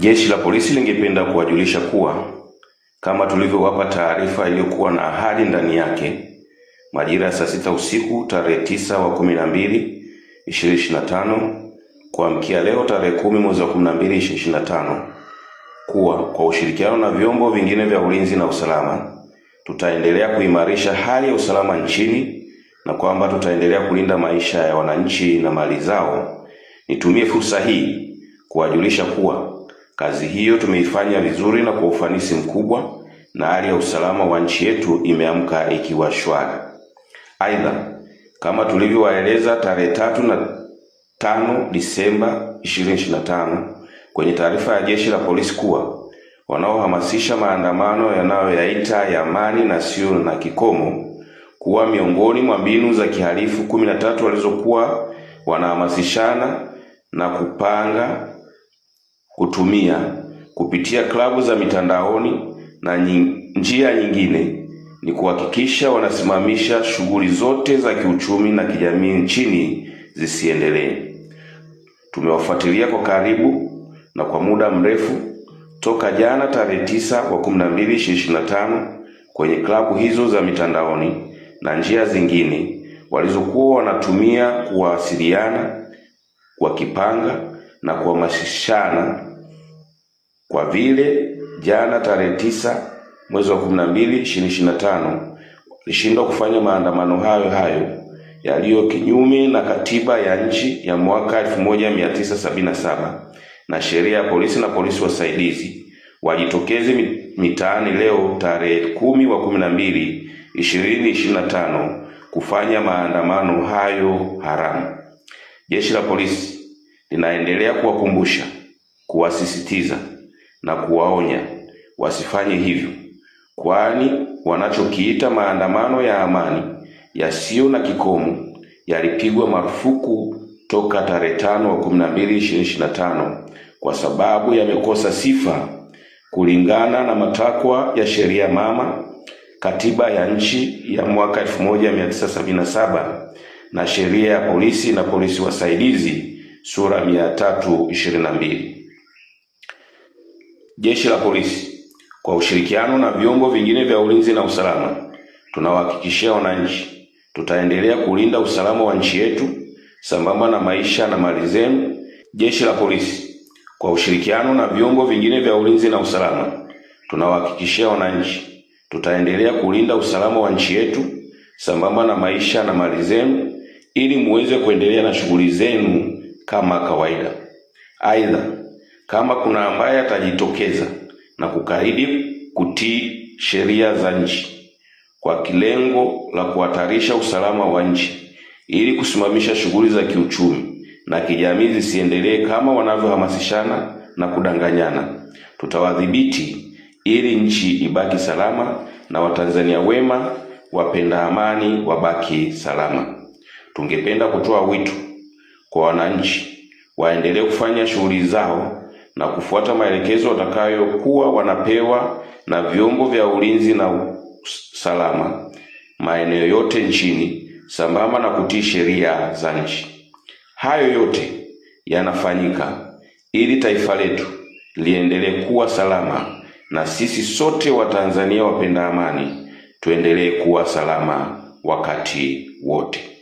Jeshi la Polisi lingependa kuwajulisha kuwa kama tulivyowapa taarifa iliyokuwa na ahadi ndani yake, majira ya saa sita usiku tarehe tisa wa kumi na mbili kuamkia leo tarehe kumi mwezi wa 12 2025 kuwa kwa ushirikiano na vyombo vingine vya ulinzi na usalama tutaendelea kuimarisha hali ya usalama nchini na kwamba tutaendelea kulinda maisha ya wananchi na mali zao. Nitumie fursa hii kuwajulisha kuwa Kazi hiyo tumeifanya vizuri na kwa ufanisi mkubwa na hali ya usalama wa nchi yetu imeamka ikiwa shwari. Aidha, kama tulivyowaeleza tarehe tatu na tano Disemba 2025 kwenye taarifa ya Jeshi la Polisi kuwa wanaohamasisha maandamano yanayoyaita ya amani na sio na kikomo kuwa miongoni mwa mbinu za kihalifu kumi na tatu walizokuwa wanahamasishana na kupanga kutumia kupitia klabu za mitandaoni na njia nyingine ni kuhakikisha wanasimamisha shughuli zote za kiuchumi na kijamii nchini zisiendelee. Tumewafuatilia kwa karibu na kwa muda mrefu toka jana tarehe tisa wa kumi na mbili ishirini na tano kwenye klabu hizo za mitandaoni na njia zingine walizokuwa wanatumia kuwasiliana, kipanga na kuhamasishana kwa vile jana tarehe tisa mwezi wa 12 2025 walishindwa kufanya maandamano hayo hayo yaliyo kinyume na katiba ya nchi ya mwaka 1977 na sheria ya polisi na polisi wasaidizi, wajitokeze mitaani leo tarehe kumi wa 12 2025 kufanya maandamano hayo haramu. Jeshi la polisi linaendelea kuwakumbusha, kuwasisitiza na kuwaonya wasifanye hivyo, kwani wanachokiita maandamano ya amani yasiyo na kikomo yalipigwa marufuku toka tarehe tano wa kumi na mbili ishirini na tano kwa sababu yamekosa sifa kulingana na matakwa ya sheria mama, katiba ya nchi ya mwaka 1977 na sheria ya polisi na polisi wasaidizi sura 322. Jeshi la Polisi kwa ushirikiano na vyombo vingine vya ulinzi na usalama, tunawahakikishia wananchi tutaendelea kulinda usalama wa nchi yetu sambamba na maisha na mali zenu. Jeshi la Polisi kwa ushirikiano na vyombo vingine vya ulinzi na usalama, tunawahakikishia wananchi tutaendelea kulinda usalama wa nchi yetu sambamba na maisha na mali zenu ili muweze kuendelea na shughuli zenu kama kawaida. Aidha, kama kuna ambaye atajitokeza na kukaidi kutii sheria za nchi kwa kilengo la kuhatarisha usalama wa nchi ili kusimamisha shughuli za kiuchumi na kijamii zisiendelee kama wanavyohamasishana na kudanganyana, tutawadhibiti ili nchi ibaki salama na Watanzania wema wapenda amani wabaki salama. Tungependa kutoa wito kwa wananchi waendelee kufanya shughuli zao na kufuata maelekezo watakayokuwa wanapewa na vyombo vya ulinzi na usalama maeneo yote nchini sambamba na kutii sheria za nchi. Hayo yote yanafanyika ili taifa letu liendelee kuwa salama na sisi sote Watanzania wapenda amani tuendelee kuwa salama wakati wote.